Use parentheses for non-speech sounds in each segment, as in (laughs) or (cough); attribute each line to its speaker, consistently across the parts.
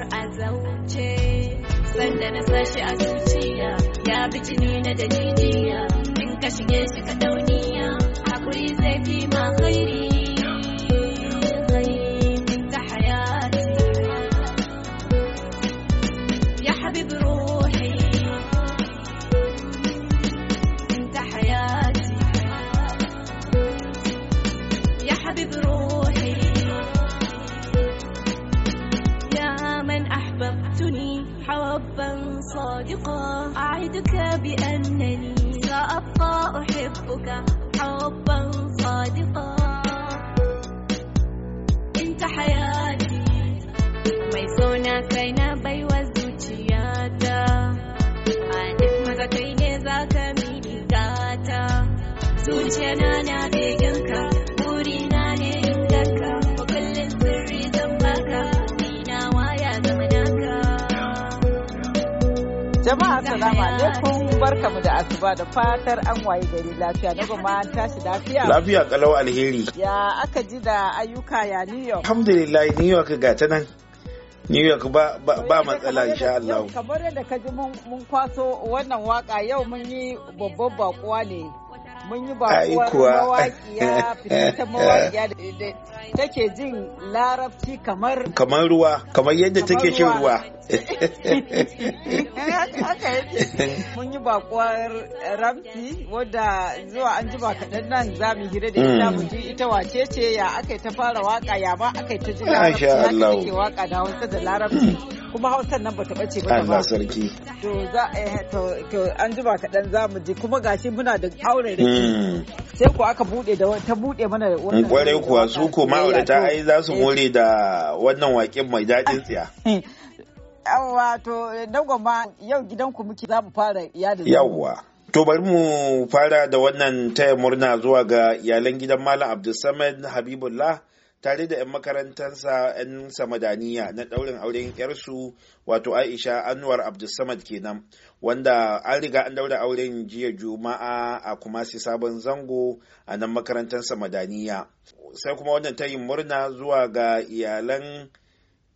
Speaker 1: har a zauce sanda na sashi a zuciya ya bi jini na da jijiya in ka shige shi ka dauniya hakuri zai fi ma hairi أحبك حبا صادقا أنت حياتي mai sona kai na baiwa zuciyata a duk maza kai ne
Speaker 2: jama'a salamu alaikum barka mu da asuba da fatar an waye gari lafiya na goma an tashi lafiya. Lafiya
Speaker 3: kalau alheri.
Speaker 2: Ya aka ji da ayyuka ya New York.
Speaker 3: Alhamdulillah New York ga ta nan. New York ba ba, ba matsala insha Allah.
Speaker 2: Kamar yadda ka ji mun kwaso wannan waka yau mun yi babban bakuwa ne mun yi bakuwar mawaƙiya fitattun (laughs) mawaƙiya da take jin larabci kamar
Speaker 3: kamar ruwa kamar yadda take shan ruwa
Speaker 2: (laughs) mun yi bakuwar ramti wadda zuwa an jima kaɗan nan za mu hira da ita mu ji ita wace ce ya aka yi ta fara waka ya ba aka yi ta ji larabci ya ke waka da wasu da larabci kuma hausar nan bata bace ba Allah sarki to za eh, to an jima kaɗan za mu je kuma gashi muna da aure da hmm. sai ko aka bude da ta bude mana wannan kwarai
Speaker 3: kuwa su ko ma'aurata ai za su eh. more da wannan wakin mai daɗin tsiya
Speaker 2: (laughs) yawwa to na goma yau gidan ku muke za mu fara iyalin yawwa
Speaker 3: To bari mu fara da wannan taya murna zuwa ga iyalan gidan Malam Abdul Samad Habibullah tare da 'yan makarantarsa 'yan samadaniya na ɗaurin auren 'yarsu wato aisha anwar abdulsamad kenan wanda an riga an daura auren jiya juma'a a kumasi sabon zango a nan makarantar samadaniya sai kuma wannan ta yi murna zuwa ga iyalan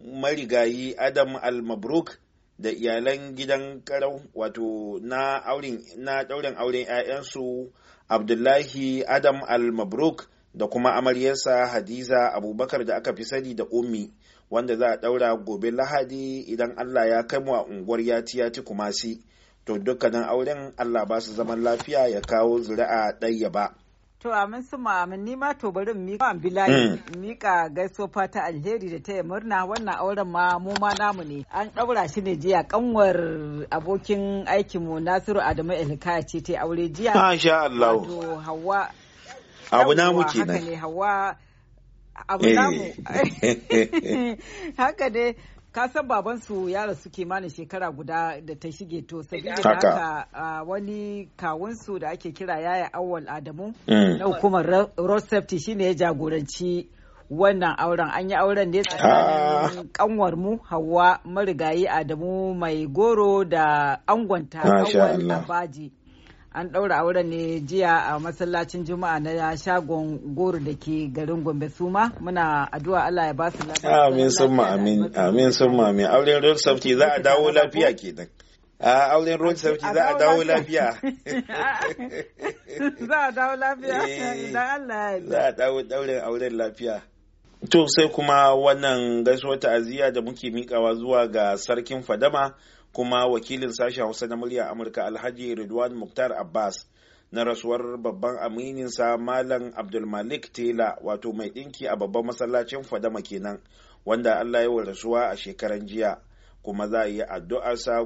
Speaker 3: marigayi adam al-mabruk da iyalan gidan karau wato na ɗaurin auren 'ya'yansu abdullahi adam al-mabruk da kuma amaryarsa hadiza abubakar da aka fi sani da ummi wanda za a daura gobe lahadi idan allah ya kai mu a unguwar yati yati kumasi to dukkanin auren allah ba su zaman lafiya ya kawo zuri'a ɗaya ba
Speaker 2: to amin su ma'amin ni to bari mika bilayi mika mm. gaiso fata alheri da ta taya murna wannan auren ma mu ma namu ne an ɗaura shi ne jiya kanwar abokin aikinmu nasiru adamu elkaya ce ta aure jiya masha hawa
Speaker 3: abu namu kenan
Speaker 2: nan abu eh. (laughs) haka ne ka san baban su ya rasu kimanin shekara guda da ta shige to sabida haka wani kawun su da ake kira yaya awwal adamu mm. na hukumar road safety shine ya jagoranci wannan auren an yi auren ne ah. tsakanin kanwar mu hawa marigayi adamu mai goro da angonta angon abaji an ɗaura auren ne jiya a masallacin juma'a na shagon goro da ke garin gombe suma muna addu'a allah ya ba su lafiya
Speaker 3: amin sun amin amin amin auren road safety za a dawo lafiya kenan a auren road safety za a dawo lafiya (laughs) (laughs) za a dawo lafiya eh. allah ya za a dawo dauren auren lafiya To sai kuma wannan gaisuwar ta'aziyya da muke mikawa zuwa ga sarkin fadama kuma wakilin sashen Hausa na murya Amurka Alhaji Ridwan Muktar Abbas na rasuwar babban amininsa Malam Abdulmalik Tela wato mai ɗinki a babban masallacin fadama kenan wanda Allah ya rasuwa a shekaran jiya kuma za a yi addu'a sa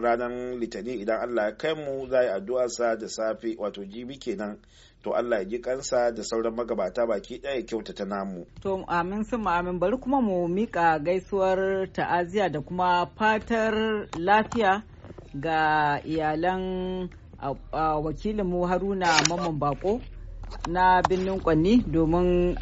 Speaker 3: ranar litani idan Allah ya kai mu za a yi addu'a sa da safe wato jibi kenan to Allah ya ji kansa da sauran magabata baki ɗaya kyautata namu.
Speaker 2: To amin sun amin bari kuma mu mika gaisuwar ta'aziya da kuma fatar lafiya ga iyalan wakilinmu Haruna Mamman Bako na birnin Kwanni domin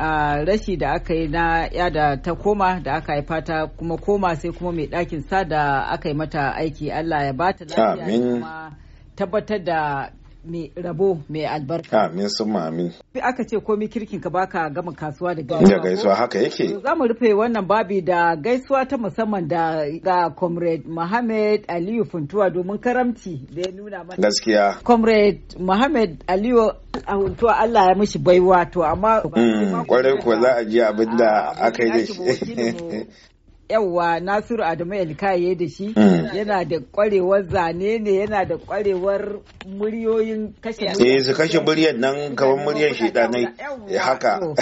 Speaker 2: rashi da aka yi na yada ta koma da aka haifa ta kuma koma sai kuma mai ɗakin sa da aka yi mata aiki Allah ya ba ta lafiya tabbatar da mai rabo mai albarka.
Speaker 3: Ha, min sun amin.
Speaker 2: Aka ce komi kirkin ka baka gama kasuwa da gaisuwa. Da gaisuwa haka yake. Za mu rufe wannan babi da gaisuwa ta musamman da ga Comrade Mohammed Aliyu Funtuwa domin karamci da ya nuna mana.
Speaker 3: Gaskiya.
Speaker 2: Comrade Mohammed Aliyu a Funtuwa Allah ya mishi baiwa to amma.
Speaker 3: Mm, kwarai kuwa za a ji abin da aka yi da shi.
Speaker 2: yawwa nasiru adamu elkaye da shi hmm. yana da kwarewar zane ne yana da kwarewar muryoyin kashe eh
Speaker 3: su kashe muryar nan kamar muryar shedanai haka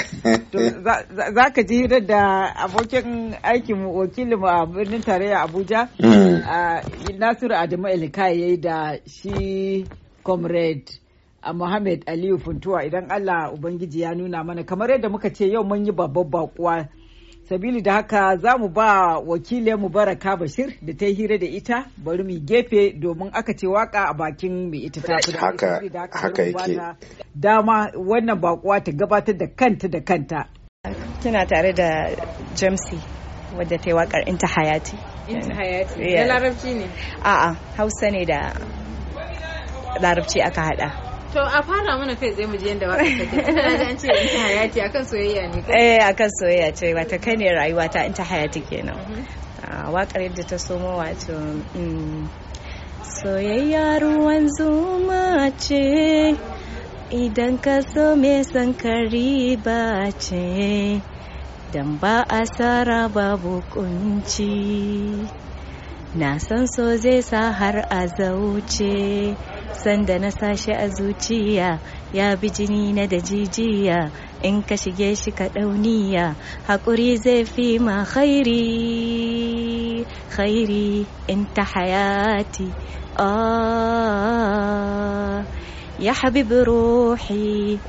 Speaker 2: za ka ji hirar da abokin aikin wakilin a birnin tarayya abuja hmm. nasiru adamu elkaye da shi comrade a Muhammad Aliyu Funtuwa idan Allah Ubangiji ya nuna mana kamar yadda muka ce yau mun yi babbar bakuwa sabili da haka za mu ba wakilin baraka bashir da ta hira da ita bari mu gefe domin aka ce waka a bakin mai ita ta fi haka haka yake dama wannan bakuwa ta gabatar da kanta da kanta kina tare da jamsi wadda ta yi wakar inta hayati inta hayati da larabci ne
Speaker 4: a'a hausa ne da larabci aka hada
Speaker 2: To a fara mana kai tsaye mu je yanda waka take. Na ji an ce in hayati akan soyayya ne ko? Eh
Speaker 4: akan soyayya ce wata kai ne rayuwata in ta hayati kenan. Mm-hmm. Wakar yadda ta somo wato mm, soyayya ruwan zuma ce idan ka so me san riba ce dan ba asara babu kunci na san so zai sa har a zauce sanda na sashi a zuciya ya bi jini na da jijiya in ka shige shi ka dauniya haƙuri zai fi ma khairi khairi in ta hayati ya habib ruhi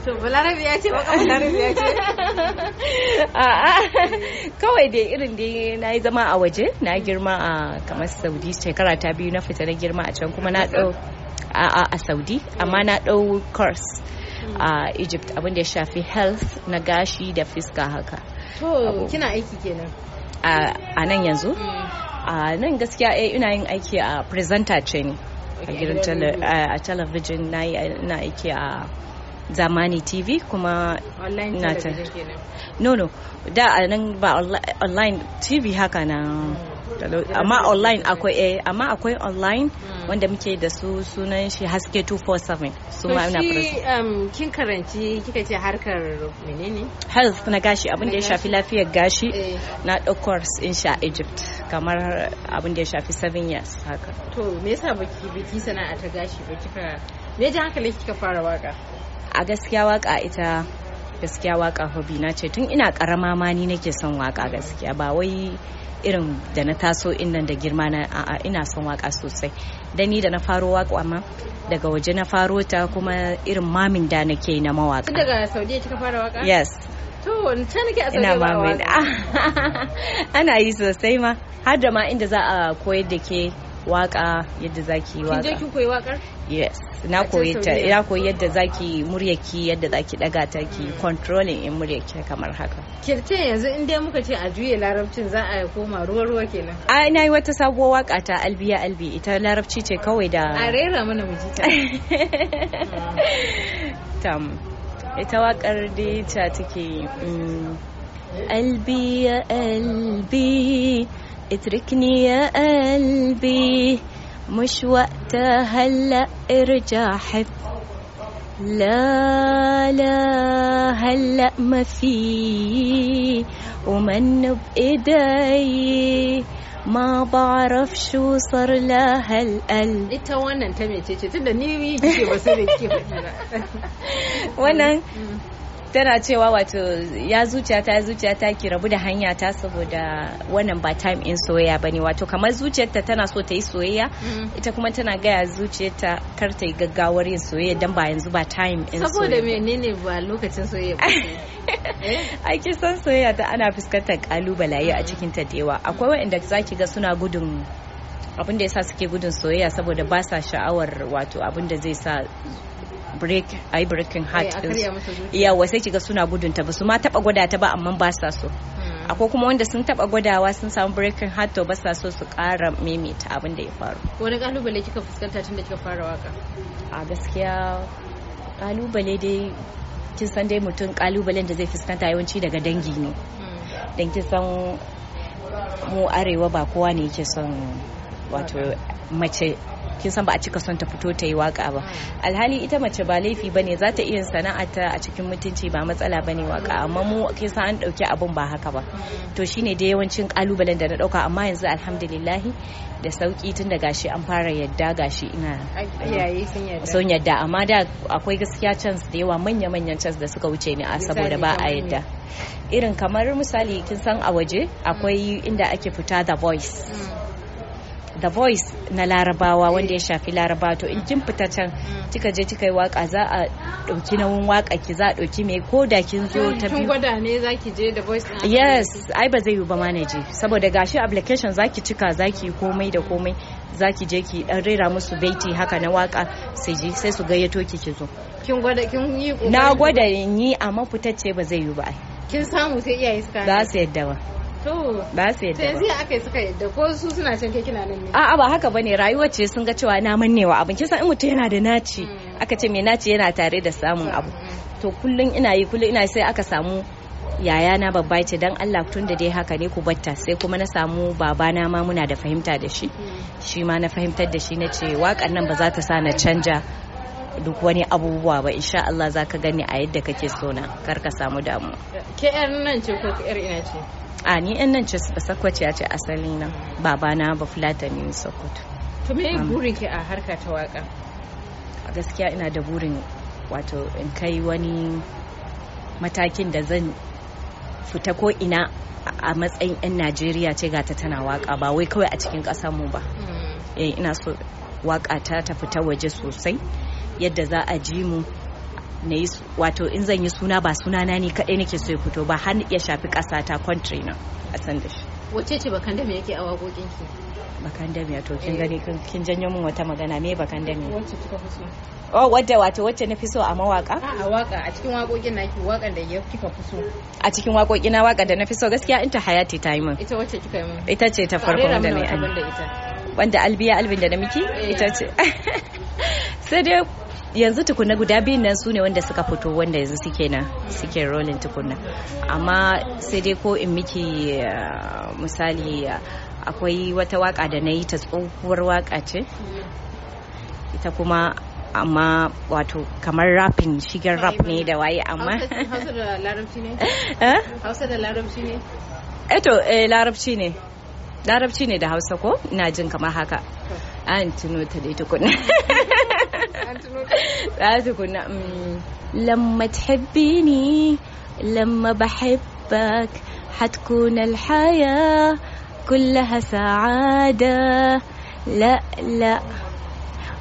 Speaker 4: to balarabi ya
Speaker 1: ce balarabi ya ce (laughs)
Speaker 4: kawai dai irin dai na yi zama a waje na girma a ah, kamar saudi shekara ta biyu na fita na girma a can kuma na dau a ah, ah, saudi amma na dau course hmm. a egypt ya shafi health na gashi da fiska haka oh, to kina aiki kenan a nan yanzu hmm. a nan gaskiya ina eh, yin aiki a presenter a gidan a talabijin na ina aiki a zamani tv kuma online television no no da nan ba online tv haka na mm. amma online akwai eh amma akwai online hmm. wanda muke da su sunan shi haske 247 su ma ina fara um, kin karanci kika ce harkar menene health na gashi abin da ya shafi lafiyar gashi eh. na da course in sha Egypt kamar abin da ya shafi 7 years haka to me yasa baki biki sana'a ta gashi ba kika me ji ne kika fara waka a gaskiya waka ita gaskiya waka hobi na ce tun ina karama ma ni nake son waka gaskiya ba wai irin da na taso inan da girma na a'a ina son waka sosai da ni da na faro waka ma daga waje na faro ta kuma irin mamin da na ke na mawaka daga saudiya
Speaker 2: kika fara waka yes to ta nake a saudiya mamin
Speaker 4: (laughs) ana yi sosai ma har da ma inda za a koyar da ke waka yadda zaki waka. Kin je kin koyi wakar? Yes. Na koyi ta, na koyi yadda zaki muryaki yadda zaki daga ta ki controlling in muryaki kamar haka. Kirce yanzu in dai muka ce a juye larabcin za a koma ruwa ruwa kenan. Ai Ina yi wata sabuwar waka ta Albiya Albi ita larabci ce kawai da A rera mana miji ta. (laughs) Tam. Ita wakar da ta take mm, Albiya Albi اتركني يا قلبي مش وقت هلا ارجع حب لا لا هلا ما في ومن بايدي ما بعرف شو صار لها القلب انت وانا انت mece ce tunda ni yi ce ba tana cewa wato ya zuciyata ya zuciyata ki rabu da hanya ta saboda wannan ba time in soyayya bane wato kamar zuciyarta tana so ta yi soyayya mm. ita kuma tana gaya zuciyarta kar ta yi gaggawar yin soyayya dan ba yanzu ba time in soyayya saboda menene ba lokacin soyayya ba (laughs) ai kin san soyayya ta ana fuskantar kalubalaye a mm. cikin ta dewa akwai wanda zaki ga suna gudun abin da yasa suke gudun soyayya saboda ba sa sha'awar wato abin da zai sa break ai breaking eh, heart yawa sai kiga suna gudun ta ba su ma taba gwada ta ba amma ba sa so hmm. akwai kuma wanda sun taba gwadawa sun samu breaking heart to ba sa so su kara maimaita abin da ya faru wani kalubale kika fuskanta tun da kika fara waka a gaskiya kalubale dai kin san dai mutum kalubalen da zai fuskanta yawanci daga dangi ne hmm. dan kin san mu arewa ba kowa ne yake son wato mace kin san ba a cika son ta fito ta yi waka ba alhali ita mace ba laifi ba ne za ta iya ta a cikin mutunci ba matsala ba ne waka amma mu kin san an ɗauki abun ba haka ba to shine da yawancin kalubalen da na ɗauka amma yanzu alhamdulillahi da sauki tun da gashi an fara yadda gashi ina sun yadda amma da akwai gaskiya chance da yawa manya-manyan chance da suka wuce ni a saboda ba a yadda irin kamar misali kin san a waje akwai inda ake fita the voice the voice na larabawa wanda ya shafi larabawa to in kin fita can mm. kika je kika yi waka za a dauki nauyin waka ki za a dauki mai ko da kin zo mm, ta biyu gwada ne zaki je The voice na yes ai ba zai yi ba manaje saboda gashi application zaki cika zaki komai da komai zaki je ki dan rera musu baiti haka na waka sai ji sai su gayyato ki ki zo kin gwada kin yi na gwada yi amma fitacce ba zai yi ba kin samu sai iyaye suka za su yadda ba To. Ba su yadda ba.
Speaker 1: aka yi suka yadda ko su suna can ke kina nan ne.
Speaker 4: A'a ba haka bane rayuwar ce sun ga cewa na mannewa abin in mutum yana da naci hmm. aka ce mai naci yana tare da samun hmm. abu. To kullum ina yi kullum ina sai aka samu yaya na babba ce dan Allah tun da dai haka ne ku batta sai kuma na samu babana ma muna da fahimta da shi hmm. shi ma na fahimtar da shi na ce waƙar nan ba za ta sa na canja duk wani abubuwa ba insha Allah za ka gani a yadda kake so na kar ka samu damu
Speaker 1: ke yar nan ce ko yar ina ce
Speaker 4: a ni yan nan ce ba sakwace ce asali na babana ba fulata ne sokoto to me burin ki a harka ta waka a gaskiya ina da burin wato in kai wani matakin da zan fita ko ina a matsayin 'yan najeriya ce gata tana waka ba wai kawai a cikin mu ba hmm. eh, ina so waka ta ta fita waje sosai yadda za a ji mu na yi wato in zan yi suna ba suna na ne kaɗai nake so ya fito ba har ya shafi ƙasa ta country na a san da shi wace ce bakan da me yake a waƙoƙin ki bakan da me to kin gani kin janyo min wata magana me bakan da me wacce kika fi so oh wadda wato wacce na fi so a mawaka a waka a cikin waƙoƙin naki wakan da kika fi so a cikin waƙoƙi na waka da na fi so gaskiya ta hayati ta yi min ita wacce kika yi min ita ce ta farko da ni. wanda albiya albin da na miki eh. ita ce (laughs) sai dai yanzu tukuna guda biyun nan su ne wanda suka fito wanda yanzu suke nan suke rolin tukuna amma sai dai ko in miki eh, misali akwai wata waka da na yi ta tsohuwar waka ce ita kuma amma wato kamar rapin shigar rap ne da waye amma hausa da larabci ne hausa da larabci ne (laughs) eto eh? eh larabci ne larabci ne da hausa ko ina jin kamar haka an tuno ta dai tukuna (laughs)
Speaker 1: (laughs)
Speaker 4: لازم نعم. كنا لما تحبيني لما بحبك حتكون الحياة كلها سعادة لا لا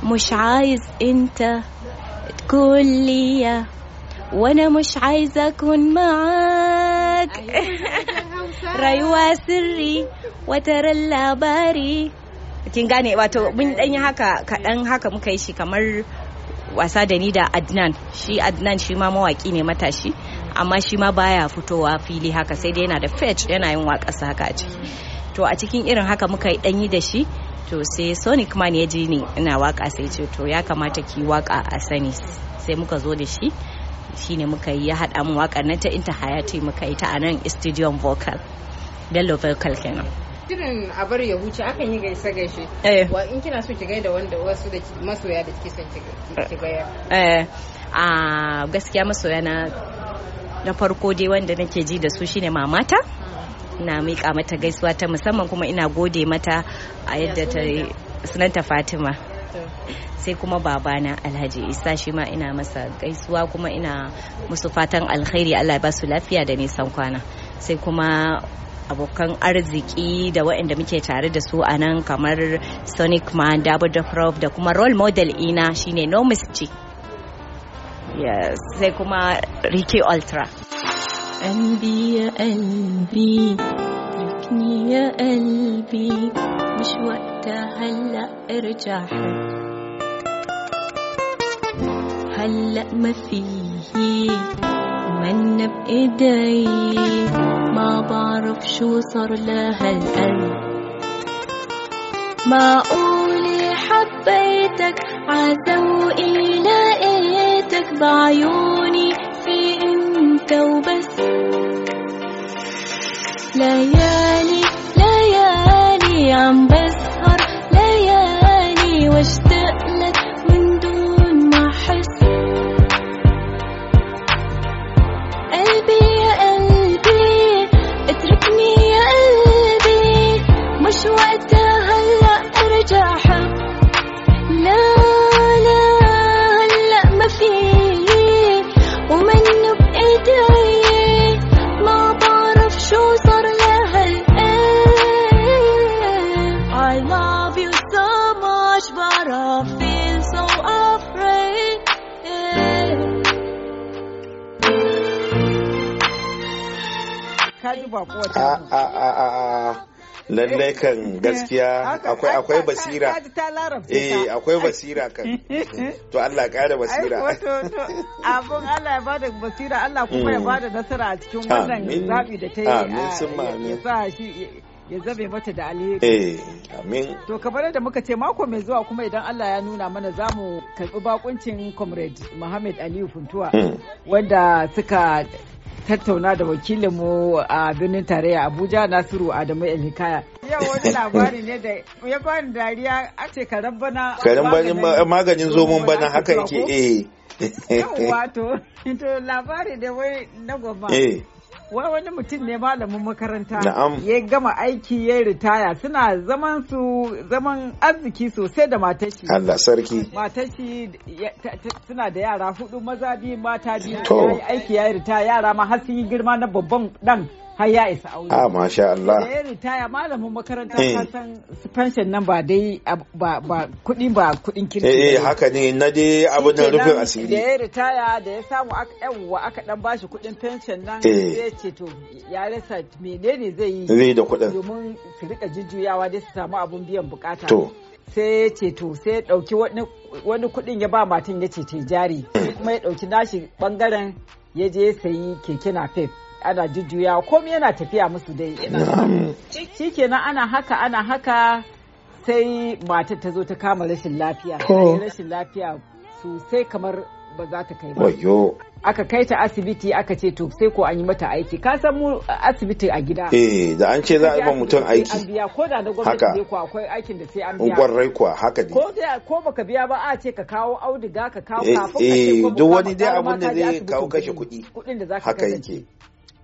Speaker 4: مش عايز انت تكون ليا وانا مش عايزة اكون معاك أيوة، (laughs) ريوة سري وترى باري kin gane wato mun dan yi haka kaɗan haka muka yi shi kamar wasa da ni da adnan shi adnan shi ma mawaki ne matashi amma shi ma baya fitowa fili haka sai dai yana da fetch yana yin waƙarsa haka a ciki to a cikin irin haka muka yi yi da shi to sai sonic man ya ji ni ina waka sai ce to ya kamata ki waka a sani sai muka zo da shi shine muka yi ya haɗa mu wakar nan ta inta hayati muka yi ta a nan studio vocal bello vocal kenan irin a bar ya huce akan yi gaisa gaishe eh. wa in kina so ki gaida wanda wasu da masoya da kike son ki eh a gaskiya masoya na na farko dai wanda nake ji da su shine mamata na miƙa mata gaisuwa ta musamman kuma ina gode mata a yadda ta sunanta Fatima sai kuma babana alhaji isa shi ma ina masa gaisuwa kuma ina musu fatan alkhairi allah ba su lafiya da nisan kwana sai kuma abokan arziki da waɗanda muke tare da su a nan kamar sonic man dabo da da kuma role model ina shine nomis ce sai kuma ricky ultra an يا
Speaker 1: قلبي هلا ما فيه
Speaker 4: بعرف شو صار لها القلب
Speaker 1: معقولي حبيتك عذوقي لقيتك بعيوني في انت وبس ليالي ليالي عم بس
Speaker 3: Eh, gaskiya akwai akwai basira eh akwai basira kan (laughs) to Allah kare basira
Speaker 2: abun Allah ya bada basira Allah kuma ya mm. bada nasara a cikin wannan zabi da ta yi ya sa shi ya zabe mata da alheri. Eh, amin. To kamar da muka ce mako mai zuwa kuma idan Allah ya nuna mana za mu bakuncin comrade Muhammad Aliyu Funtuwa mm. wanda suka tattauna da wakilinmu a birnin tarayya Abuja Nasiru Adamu Elhikaya. Yau wani (laughs) labari ne da ya bani dariya a ce karen bana. Karen bana maganin zomon bana haka yake
Speaker 3: eh. Yau
Speaker 2: wato, (laughs) to labari da wai na goma. wai wani mutum ne malamin makaranta ya gama aiki ya ritaya suna zaman su zaman arziki sosai da matashi Allah sarki matashi suna da yara hudu maza biyu mata biyu aiki ya ritaya yara ma har sun yi girma na babban dan har ya isa aure. Ah masha Allah. Da ya ritaya malamin makaranta eh. ka san pension nan ba dai ba ba kuɗi ba kuɗin kirki. Eh eh
Speaker 3: haka ne na dai abin da rufin asiri. Da ya
Speaker 2: ritaya da ya samu aka yawwa aka dan bashi kuɗin pension nan eh. sai ce to ya rasa menene zai yi. Zai da kuɗin. Domin su rika jujjuyawa dai su samu abun biyan bukata. To. sai ya ce to sai ya dauki wani kuɗin ya ba matan ya ce jari eh. kuma ya dauki nashi bangaren ya je sayi keke na fef ana jujjuya komai yana tafiya musu dai shi shikenan ana haka ana haka sai mata ta zo ta kama rashin lafiya oh. rashin lafiya sosai kamar ba za ta kai ba aka kai ta asibiti aka ce to sai ko an yi mata aiki ka san mu asibiti a gida eh
Speaker 3: da an ce za a ba mutum aiki an biya
Speaker 2: ko da na gwamnati ne ko akwai aikin da sai an biya kwarai
Speaker 3: kuwa haka ne ko
Speaker 2: da ko baka biya ba a ce ka kawo auduga ka kawo eh, kafin ka ce ko eh, duk wani dai abin da zai
Speaker 3: kawo kashe kuɗi
Speaker 2: kuɗin da za ka haka yake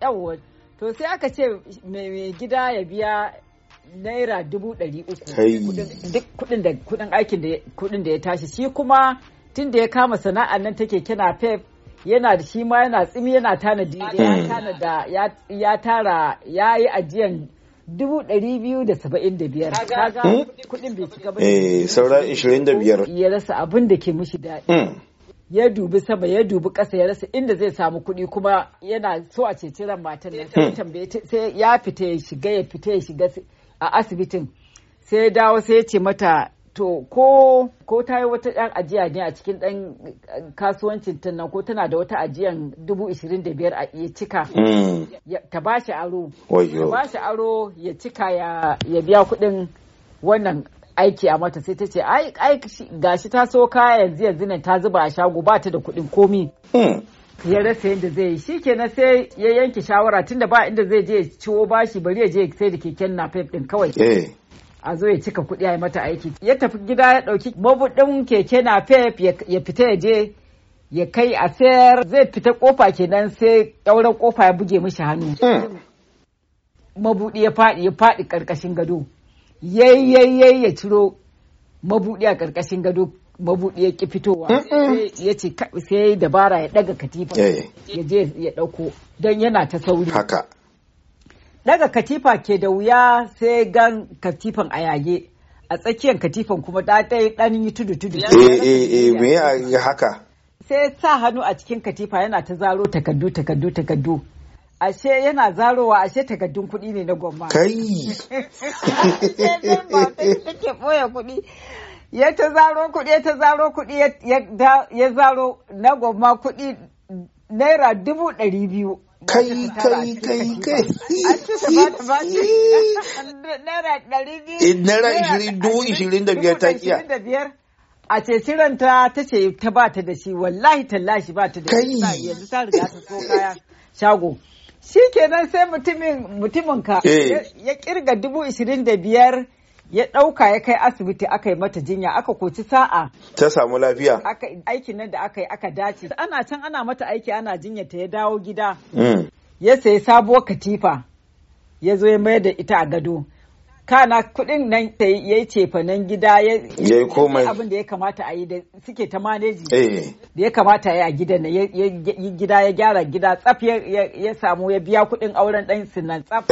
Speaker 2: yawwa to sai aka ce mai gida ya biya naira dubu ɗari uku duk kudin aikin da kudin da ya tashi shi kuma tun da ya kama sana'a nan take kina pep yana da shi ma yana tsimi yana tanadi mm. ya tara ya yi ajiyan dubu ɗari biyu da saba'in da biyar hmm? kudin bai cika ba
Speaker 3: eh, saura ishirin da biyar
Speaker 2: ya rasa abin da ke mushi daɗi hmm. ya dubi sama ya dubi ƙasa ya rasa inda zai samu kuɗi kuma yana so a ceci ran matan nan sai hmm. tambaye sai ya fita ya shiga ya fita ya shiga a asibitin sai ya dawo sai ya ce mata to ko ko ta yi wata ɗan ajiya ne a cikin ɗan kasuwancin ta nan ko tana da wata ajiyan dubu ishirin da biyar a iya cika hmm. ta ba shi aro ta ba shi aro ya cika ya biya kuɗin wannan aiki a mata sai ta ce ai ai gashi ta so kaya yanzu yanzu nan ta zuba a shago ba ta da kuɗin komi hmm. ya rasa yadda zai yi shi shikenan sai ya yanke shawara tunda ba inda zai je ya ciwo bashi bari ya je sai da keken napep din kawai eh. a zo ya cika kuɗi a yi mata aiki ya tafi gida ya ɗauki mabuɗin keke napep ya fita ya je ya kai a sayar zai fita kofa kenan sai ƙyauren kofa ya buge mishi hannu hmm. mabuɗi ya faɗi ya faɗi ƙarƙashin gado yayyayyay ya ciro mabuɗi a ƙarƙashin gado mabuɗi ya ƙi fitowa ya ce sai ya yi dabara ya ɗaga katifa ya je ya ɗauko don yana ta sauri haka ɗaga katifa ke da wuya sai gan katifan a yage a tsakiyar katifan kuma da yi ɗan yi tudu tudu eh eh eh me haka sai sa hannu a cikin katifa yana ta zaro takaddu takaddu takaddu ashe yana zarowa ashe takardun kuɗi ne na gwamma. Kai! take (laughs) ɓoye kuɗi. Ya ta zaro kuɗi, ya ta zaro kuɗi, ya zaro na gwamma kuɗi naira dubu ɗari biyu.
Speaker 3: kai kai kai kai naira ishirin dubu ishirin da biyar ta kiya a ce
Speaker 2: ta ta ce ta ba ta da shi wallahi tallashi ba ta da shi yanzu ta riga ta so kaya shago shi kenan sai mutumin ka eh. ya kirga dubu ishirin da biyar ya ɗauka ya kai asibiti aka yi mata jinya aka koci sa'a
Speaker 3: ta samu lafiya
Speaker 2: aikin nan da aka yi aka dace ana can ana mata aiki ana jinya ta ya dawo gida mm. ya sayi sabuwar katifa ya zo ya mayar da ita a gado kana kudin nan ta yi cefanen gida ya yi komai abin da ya kamata a yi da suke ta maneji eh. da ya kamata a yi a gidan na ya gida ya gyara gida tsaf ya samu ya biya kudin auren dan sinan tsaf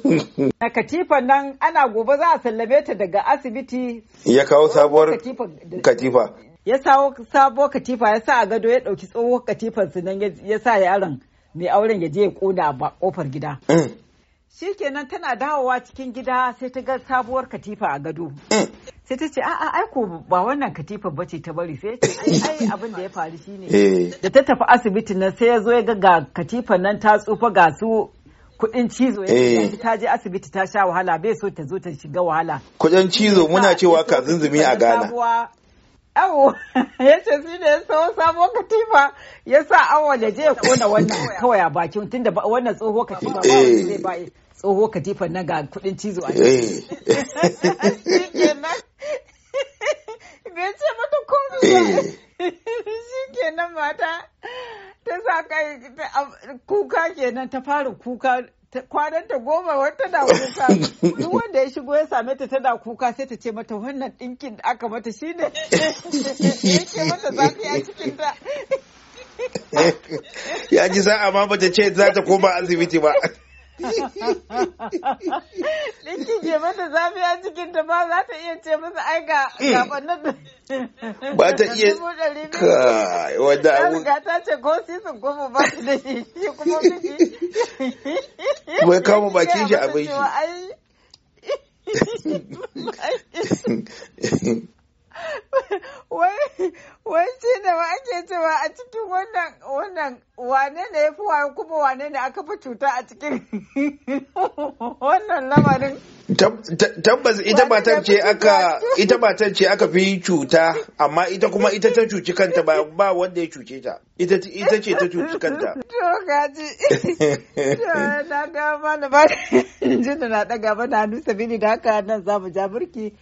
Speaker 2: (laughs) na katifan nan ana gobe za a sallame ta daga asibiti
Speaker 3: ya kawo sabuwar katifa
Speaker 2: ya sawo sabuwar katifa ya sa a gado ya dauki tsohuwar katifan sinan ya sa yaron mai auren ya je ya kona a kofar gida mm. shikenan tana dawowa cikin gida sai ta ga sabuwar katifa a gado eh. sai ta ce a'a ai ko ba wannan katifa bace ta bari sai ce ai abin da ya faru shine eh. da ta tafi asibiti nan sai ya zo ya ga katifa nan ta tsufa ga su kudin cizo ya eh. ta je asibiti ta sha wahala bai so ta zo ta shiga wahala
Speaker 3: kudin cizo muna cewa ka zunzumi a Ghana
Speaker 2: awo ya ce shi ne ya sawo sabo katifa ya sa awo da je ya kona wannan kawai a bakin tunda wannan tsoho katifa ba wani zai ba eh. tsoho katifa na ga kudin cizo a eh. (laughs) (laughs) bai ce mata komi eh. (laughs) shi kenan mata ta sa kai kuka kenan ta fara kuka kwanan ta goma wata tana kuka (laughs) duk wanda ya shigo ya same ta tana kuka sai ta ce mata wannan ɗinkin da aka mata shi ne ce mata zafi a cikin ta
Speaker 3: (laughs) ya ji a ma bata ce za ta koma asibiti ba
Speaker 2: (laughs) (laughs) Linki ke mata zafi a cikin ta ba za ta iya ce masa ai ga gabanin eh. ba ta (laughs) iya ka wanda abu ga ta ce ko si sun ko ba su da shi kuma miji (laughs) wai kama bakin shi a bai shi wai shi ne ma ake cewa a cikin wannan wannan wane ne ya fi wayo kuma wane ne aka fi cuta a cikin (laughs) wannan lamarin
Speaker 3: tabbas ita matar ce aka ita matar ce aka fi cuta amma ita kuma ita ta cuci kanta ba ba wanda ya cuce ta ita ita ce ta cuci kanta (laughs)
Speaker 2: to gaji
Speaker 3: (laughs)
Speaker 2: na ga Ba jinda na daga bana nusa bini da haka nan zamu ja burki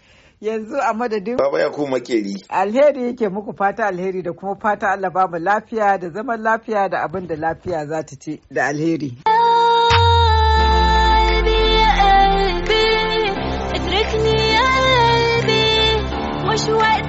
Speaker 2: yanzu a madadin baba ya
Speaker 3: kuma makeri
Speaker 2: alheri yake muku fata alheri da kuma fata Allah ba mu lafiya da zaman lafiya da abin da lafiya za ta ce da alheri
Speaker 1: اتركني